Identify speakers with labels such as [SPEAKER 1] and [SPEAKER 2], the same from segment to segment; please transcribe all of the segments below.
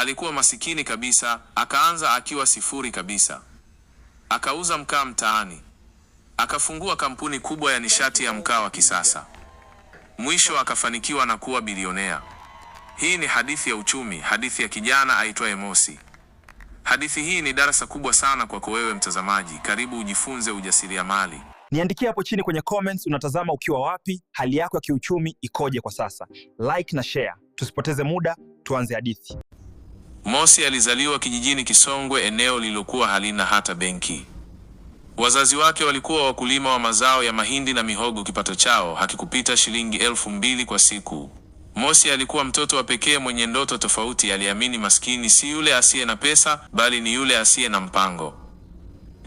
[SPEAKER 1] Alikuwa masikini kabisa, akaanza akiwa sifuri kabisa. Akauza mkaa mtaani, akafungua kampuni kubwa ya nishati ya mkaa wa kisasa. Mwisho akafanikiwa na kuwa bilionea. Hii ni hadithi ya uchumi, hadithi ya kijana aitwaye Mosi. Hadithi hii ni darasa kubwa sana kwako wewe mtazamaji. Karibu ujifunze ujasiriamali.
[SPEAKER 2] Niandikie hapo chini kwenye comments, unatazama ukiwa wapi? Hali yako ya kiuchumi ikoje kwa sasa? Like na share, tusipoteze muda, tuanze hadithi.
[SPEAKER 1] Mosi alizaliwa kijijini Kisongwe, eneo lililokuwa halina hata benki. Wazazi wake walikuwa wakulima wa mazao ya mahindi na mihogo. Kipato chao hakikupita shilingi elfu mbili kwa siku. Mosi alikuwa mtoto wa pekee mwenye ndoto tofauti. Aliamini maskini si yule asiye na pesa, bali ni yule asiye na mpango.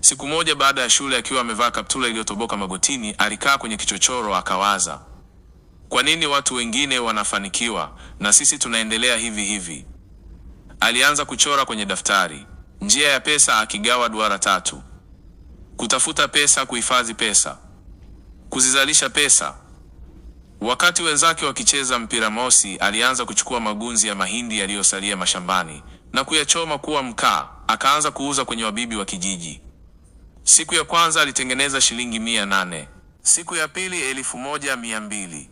[SPEAKER 1] Siku moja baada ya shule, akiwa amevaa kaptula iliyotoboka magotini, alikaa kwenye kichochoro akawaza, kwa nini watu wengine wanafanikiwa na sisi tunaendelea hivi hivi? Alianza kuchora kwenye daftari njia ya pesa, akigawa duara tatu: kutafuta pesa, kuhifadhi pesa, kuzizalisha pesa. Wakati wenzake wakicheza mpira mosi, alianza kuchukua magunzi ya mahindi yaliyosalia mashambani na kuyachoma kuwa mkaa, akaanza kuuza kwenye wabibi wa kijiji. Siku ya kwanza alitengeneza shilingi mia nane siku ya pili elfu moja mia mbili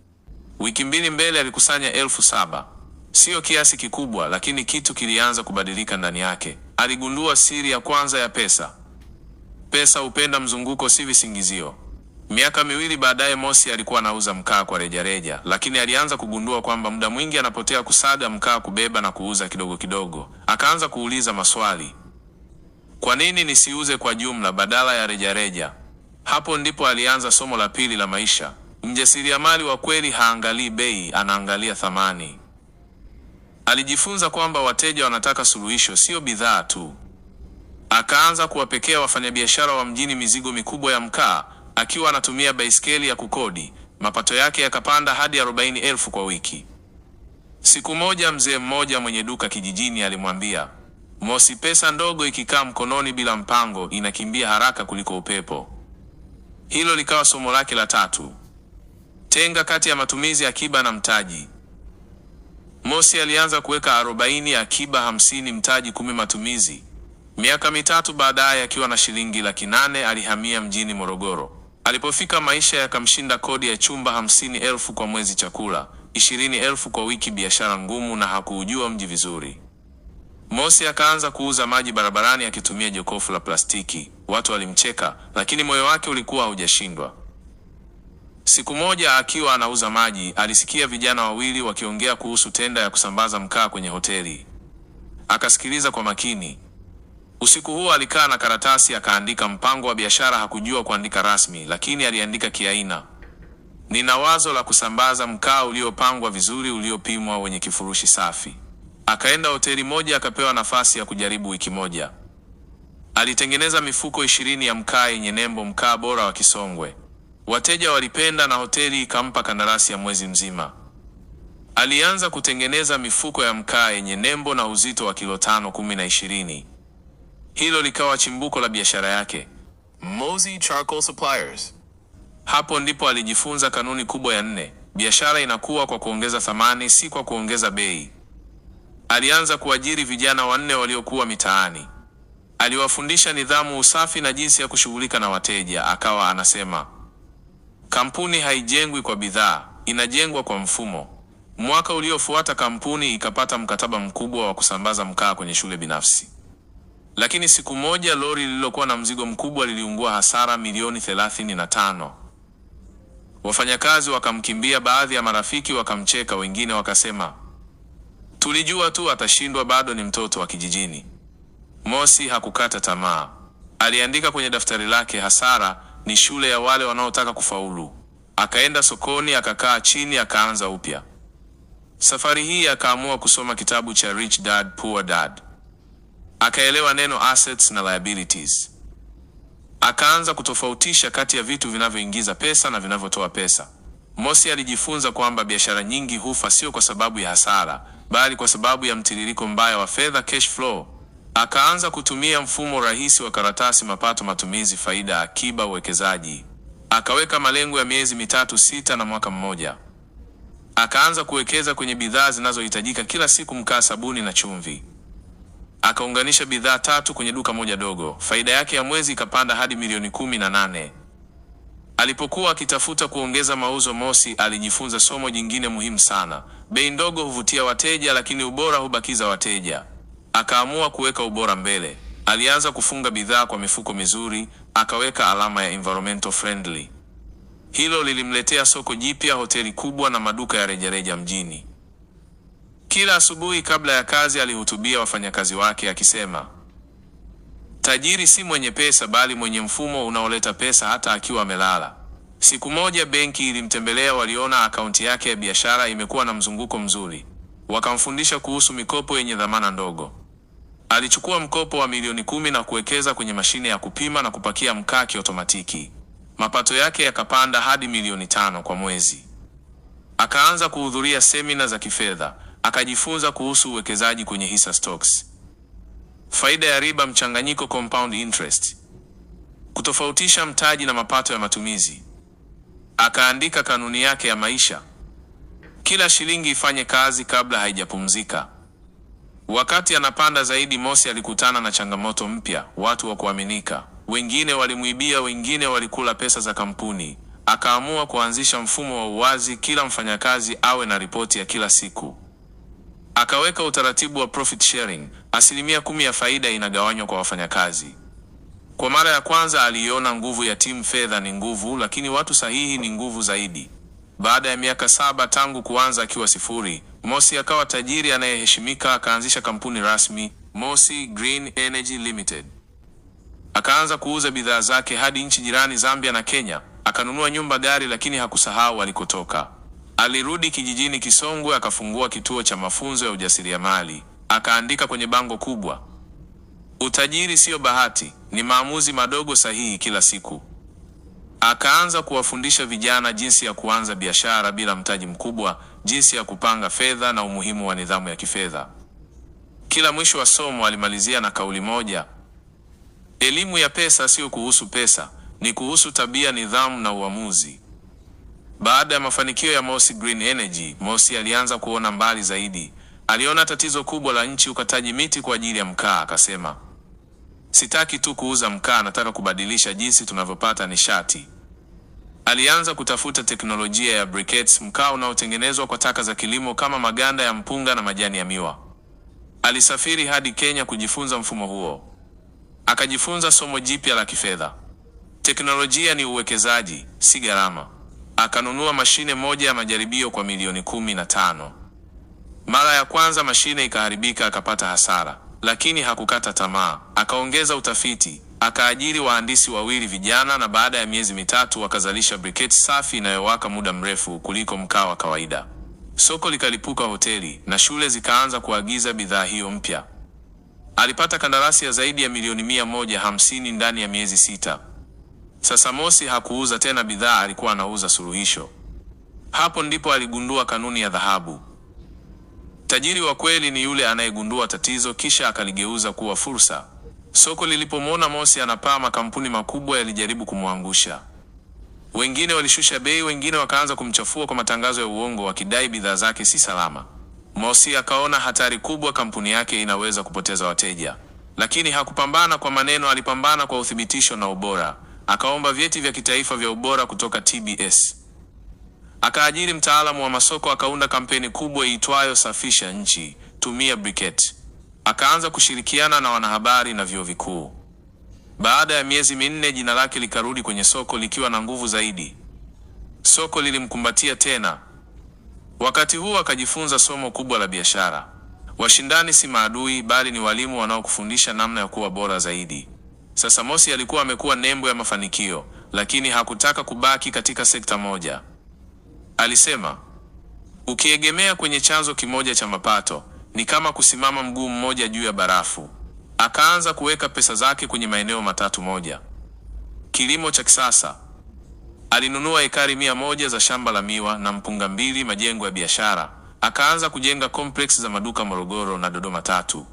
[SPEAKER 1] wiki mbili mbele alikusanya elfu saba Siyo kiasi kikubwa, lakini kitu kilianza kubadilika ndani yake. Aligundua siri ya kwanza ya pesa: pesa hupenda mzunguko, si visingizio. Miaka miwili baadaye, Mosi alikuwa anauza mkaa kwa rejareja, lakini alianza kugundua kwamba muda mwingi anapotea kusaga mkaa, kubeba na kuuza kidogo kidogo. Akaanza kuuliza maswali, kwa nini nisiuze kwa jumla badala ya rejareja? Hapo ndipo alianza somo la pili la maisha: mjasiriamali wa kweli haangalii bei, anaangalia thamani. Alijifunza kwamba wateja wanataka suluhisho, sio bidhaa tu. Akaanza kuwapekea wafanyabiashara wa mjini mizigo mikubwa ya mkaa akiwa anatumia baiskeli ya kukodi. Mapato yake yakapanda hadi arobaini elfu kwa wiki. Siku moja, mzee mmoja mwenye duka kijijini alimwambia Mosi, pesa ndogo ikikaa mkononi bila mpango inakimbia haraka kuliko upepo. Hilo likawa somo lake la tatu. Tenga kati ya matumizi, akiba na mtaji. Mosi alianza kuweka arobaini akiba, hamsini mtaji, kumi matumizi. Miaka mitatu baadaye, akiwa na shilingi laki nane alihamia mjini Morogoro. Alipofika, maisha yakamshinda: kodi ya chumba hamsini elfu kwa mwezi, chakula ishirini elfu kwa wiki, biashara ngumu, na hakuujua mji vizuri. Mosi akaanza kuuza maji barabarani akitumia jokofu la plastiki. Watu walimcheka, lakini moyo wake ulikuwa haujashindwa. Siku moja akiwa anauza maji, alisikia vijana wawili wakiongea kuhusu tenda ya kusambaza mkaa kwenye hoteli. Akasikiliza kwa makini. Usiku huo alikaa na karatasi akaandika mpango wa biashara. Hakujua kuandika rasmi, lakini aliandika kiaina. Nina wazo la kusambaza mkaa uliopangwa vizuri, uliopimwa, wenye kifurushi safi. Akaenda hoteli moja, akapewa nafasi ya kujaribu wiki moja. Alitengeneza mifuko ishirini ya mkaa yenye nembo mkaa bora wa Kisongwe. Wateja walipenda na hoteli ikampa kandarasi ya mwezi mzima. Alianza kutengeneza mifuko ya mkaa yenye nembo na uzito wa kilo tano, kumi na ishirini. Hilo likawa chimbuko la biashara yake Mozi Charcoal Suppliers. Hapo ndipo alijifunza kanuni kubwa ya nne: biashara inakuwa kwa kuongeza thamani, si kwa kuongeza bei. Alianza kuajiri vijana wanne waliokuwa mitaani. Aliwafundisha nidhamu, usafi na jinsi ya kushughulika na wateja. Akawa anasema Kampuni haijengwi kwa bidhaa, inajengwa kwa mfumo. Mwaka uliofuata kampuni ikapata mkataba mkubwa wa kusambaza mkaa kwenye shule binafsi. Lakini siku moja lori lililokuwa na mzigo mkubwa liliungua, hasara milioni 35. Wafanyakazi wakamkimbia, baadhi ya marafiki wakamcheka, wengine wakasema tulijua tu atashindwa, bado ni mtoto wa kijijini. Mosi hakukata tamaa, aliandika kwenye daftari lake hasara ni shule ya wale wanaotaka kufaulu. Akaenda sokoni, akakaa chini, akaanza upya. Safari hii akaamua kusoma kitabu cha Rich Dad Poor Dad. Akaelewa neno assets na liabilities. Akaanza kutofautisha kati ya vitu vinavyoingiza pesa na vinavyotoa pesa. Mosi alijifunza kwamba biashara nyingi hufa sio kwa sababu ya hasara, bali kwa sababu ya mtiririko mbaya wa fedha, cash flow. Akaanza kutumia mfumo rahisi wa karatasi: mapato, matumizi, faida, akiba, uwekezaji. Akaweka malengo ya miezi mitatu, sita na mwaka mmoja. Akaanza kuwekeza kwenye bidhaa zinazohitajika kila siku: mkaa, sabuni na chumvi. Akaunganisha bidhaa tatu kwenye duka moja dogo. Faida yake ya mwezi ikapanda hadi milioni kumi na nane. Alipokuwa akitafuta kuongeza mauzo, Mosi alijifunza somo jingine muhimu sana: bei ndogo huvutia wateja, lakini ubora hubakiza wateja. Akaamua kuweka ubora mbele. Alianza kufunga bidhaa kwa mifuko mizuri, akaweka alama ya environmental friendly. Hilo lilimletea soko jipya, hoteli kubwa na maduka ya rejareja mjini. Kila asubuhi kabla ya kazi alihutubia wafanyakazi wake akisema, tajiri si mwenye pesa bali mwenye mfumo unaoleta pesa hata akiwa amelala. Siku moja benki ilimtembelea, waliona akaunti yake ya biashara imekuwa na mzunguko mzuri, wakamfundisha kuhusu mikopo yenye dhamana ndogo. Alichukua mkopo wa milioni kumi na kuwekeza kwenye mashine ya kupima na kupakia mkaa kiotomatiki. Mapato yake yakapanda hadi milioni tano kwa mwezi. Akaanza kuhudhuria semina za kifedha, akajifunza kuhusu uwekezaji kwenye hisa stocks, faida ya riba mchanganyiko, compound interest, kutofautisha mtaji na mapato ya matumizi. Akaandika kanuni yake ya maisha: kila shilingi ifanye kazi kabla haijapumzika. Wakati anapanda zaidi, Mosi alikutana na changamoto mpya: watu wa kuaminika. Wengine walimwibia, wengine walikula pesa za kampuni. Akaamua kuanzisha mfumo wa uwazi, kila mfanyakazi awe na ripoti ya kila siku. Akaweka utaratibu wa profit sharing, asilimia kumi ya faida inagawanywa kwa wafanyakazi. Kwa mara ya kwanza aliiona nguvu ya timu. Fedha ni nguvu, lakini watu sahihi ni nguvu zaidi. Baada ya miaka saba tangu kuanza akiwa sifuri, Mosi akawa tajiri anayeheshimika, akaanzisha kampuni rasmi Mosi Green Energy Limited. Akaanza kuuza bidhaa zake hadi nchi jirani Zambia na Kenya. Akanunua nyumba, gari, lakini hakusahau alikotoka. Alirudi kijijini Kisongwe, akafungua kituo cha mafunzo ya ujasiriamali. Akaandika kwenye bango kubwa, utajiri siyo bahati, ni maamuzi madogo sahihi kila siku. Akaanza kuwafundisha vijana jinsi ya kuanza biashara bila mtaji mkubwa, jinsi ya kupanga fedha na umuhimu wa nidhamu ya kifedha. Kila mwisho wa somo alimalizia na kauli moja: elimu ya pesa sio kuhusu pesa, ni kuhusu tabia, nidhamu na uamuzi. Baada ya mafanikio ya Mosi Green Energy, Mosi alianza kuona mbali zaidi. Aliona tatizo kubwa la nchi, ukataji miti kwa ajili ya mkaa. Akasema Sitaki tu kuuza mkaa, nataka kubadilisha jinsi tunavyopata nishati. Alianza kutafuta teknolojia ya briquettes, mkaa unaotengenezwa kwa taka za kilimo kama maganda ya mpunga na majani ya miwa. Alisafiri hadi Kenya kujifunza mfumo huo, akajifunza somo jipya la kifedha: teknolojia ni uwekezaji, si gharama. Akanunua mashine moja ya majaribio kwa milioni kumi na tano. Mara ya kwanza mashine ikaharibika, akapata hasara lakini hakukata tamaa. Akaongeza utafiti, akaajiri wahandisi wawili vijana, na baada ya miezi mitatu wakazalisha briketi safi inayowaka muda mrefu kuliko mkaa wa kawaida. Soko likalipuka, hoteli na shule zikaanza kuagiza bidhaa hiyo mpya. Alipata kandarasi ya zaidi ya milioni mia moja hamsini ndani ya miezi sita. Sasa Mosi hakuuza tena bidhaa, alikuwa anauza suluhisho. Hapo ndipo aligundua kanuni ya dhahabu. Tajiri wa kweli ni yule anayegundua tatizo kisha akaligeuza kuwa fursa. Soko lilipomwona Mosi anapaa, makampuni makubwa yalijaribu kumwangusha. Wengine walishusha bei, wengine wakaanza kumchafua kwa matangazo ya uongo, wakidai bidhaa zake si salama. Mosi akaona hatari kubwa, kampuni yake inaweza kupoteza wateja, lakini hakupambana kwa maneno, alipambana kwa uthibitisho na ubora. Akaomba vyeti vya kitaifa vya ubora kutoka TBS. Akaajiri mtaalamu wa masoko, akaunda kampeni kubwa iitwayo safisha nchi, tumia briquette. Akaanza kushirikiana na wanahabari na vyuo vikuu. Baada ya miezi minne, jina lake likarudi kwenye soko likiwa na nguvu zaidi. Soko lilimkumbatia tena. Wakati huo akajifunza somo kubwa la biashara: washindani si maadui, bali ni walimu wanaokufundisha namna ya kuwa bora zaidi. Sasa Mosi alikuwa amekuwa nembo ya mafanikio, lakini hakutaka kubaki katika sekta moja. Alisema, ukiegemea kwenye chanzo kimoja cha mapato ni kama kusimama mguu mmoja juu ya barafu. Akaanza kuweka pesa zake kwenye maeneo matatu. Moja, kilimo cha kisasa. Alinunua ekari mia moja za shamba la miwa na mpunga mbili, majengo ya biashara. Akaanza kujenga kompleksi za maduka Morogoro na Dodoma. Tatu,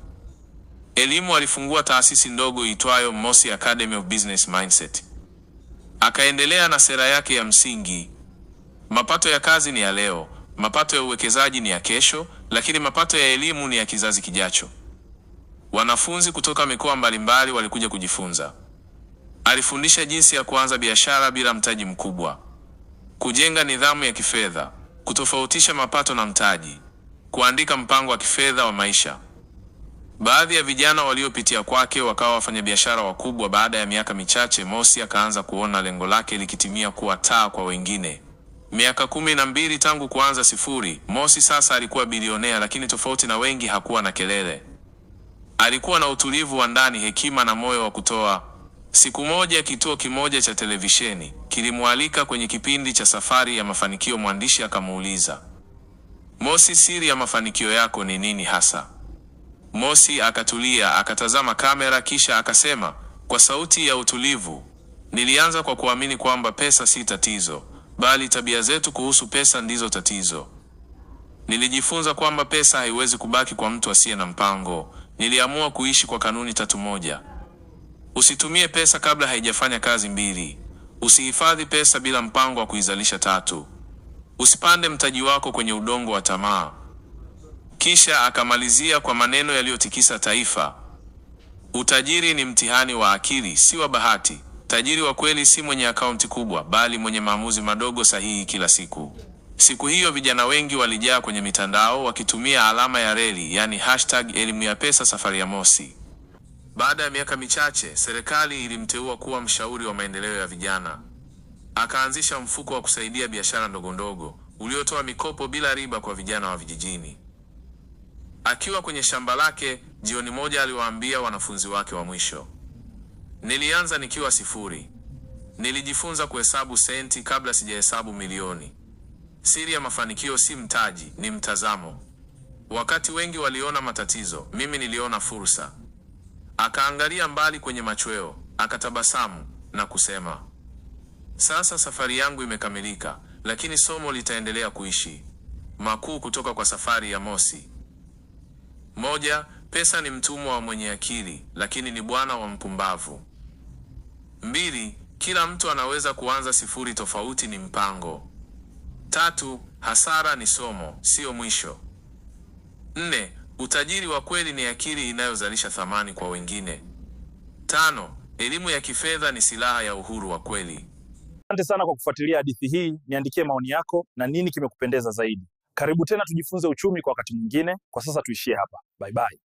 [SPEAKER 1] elimu. Alifungua taasisi ndogo iitwayo Mossi Academy of Business Mindset. Akaendelea na sera yake ya msingi Mapato ya kazi ni ya leo, mapato ya uwekezaji ni ya kesho, lakini mapato ya elimu ni ya kizazi kijacho. Wanafunzi kutoka mikoa mbalimbali walikuja kujifunza. Alifundisha jinsi ya kuanza biashara bila mtaji mkubwa, kujenga nidhamu ya kifedha, kutofautisha mapato na mtaji, kuandika mpango wa kifedha wa maisha. Baadhi ya vijana waliopitia kwake wakawa wafanyabiashara wakubwa. Baada ya miaka michache, Mosi akaanza kuona lengo lake likitimia, kuwa taa kwa wengine. Miaka kumi na mbili tangu kuanza sifuri, Mosi sasa alikuwa bilionea, lakini tofauti na wengi hakuwa na kelele. Alikuwa na utulivu wa ndani, hekima na moyo wa kutoa. Siku moja kituo kimoja cha televisheni kilimwalika kwenye kipindi cha Safari ya Mafanikio. Mwandishi akamuuliza Mosi, siri ya mafanikio yako ni nini hasa? Mosi akatulia, akatazama kamera, kisha akasema kwa sauti ya utulivu, nilianza kwa kuamini kwamba pesa si tatizo bali tabia zetu kuhusu pesa ndizo tatizo. Nilijifunza kwamba pesa haiwezi kubaki kwa mtu asiye na mpango. Niliamua kuishi kwa kanuni tatu. Moja, usitumie pesa kabla haijafanya kazi. Mbili, usihifadhi pesa bila mpango wa kuizalisha. Tatu, usipande mtaji wako kwenye udongo wa tamaa. Kisha akamalizia kwa maneno yaliyotikisa taifa: utajiri ni mtihani wa akili, si wa bahati. Tajiri wa kweli si mwenye akaunti kubwa, bali mwenye maamuzi madogo sahihi kila siku. Siku hiyo vijana wengi walijaa kwenye mitandao wakitumia alama ya reli, yani hashtag elimu ya pesa safari ya mosi. Baada ya miaka michache, serikali ilimteua kuwa mshauri wa maendeleo ya vijana. Akaanzisha mfuko wa kusaidia biashara ndogondogo uliotoa mikopo bila riba kwa vijana wa vijijini. Akiwa kwenye shamba lake, jioni moja aliwaambia wanafunzi wake wa mwisho Nilianza nikiwa sifuri. Nilijifunza kuhesabu senti kabla sijahesabu milioni. Siri ya mafanikio si mtaji, ni mtazamo. Wakati wengi waliona matatizo, mimi niliona fursa. Akaangalia mbali kwenye machweo, akatabasamu na kusema, sasa safari yangu imekamilika, lakini somo litaendelea kuishi. Makuu kutoka kwa safari ya Mosi: moja, pesa ni mtumwa wa mwenye akili, lakini ni bwana wa mpumbavu. Mbili, kila mtu anaweza kuanza sifuri. Tofauti ni mpango. Tatu, hasara ni somo, siyo mwisho. Nne, utajiri wa kweli ni akili inayozalisha thamani kwa wengine. Tano, elimu ya kifedha ni silaha ya uhuru wa kweli.
[SPEAKER 2] Asante sana kwa kufuatilia hadithi hii. Niandikie maoni yako na nini kimekupendeza zaidi. Karibu tena tujifunze uchumi kwa wakati mwingine. Kwa sasa tuishie hapa. Bye bye.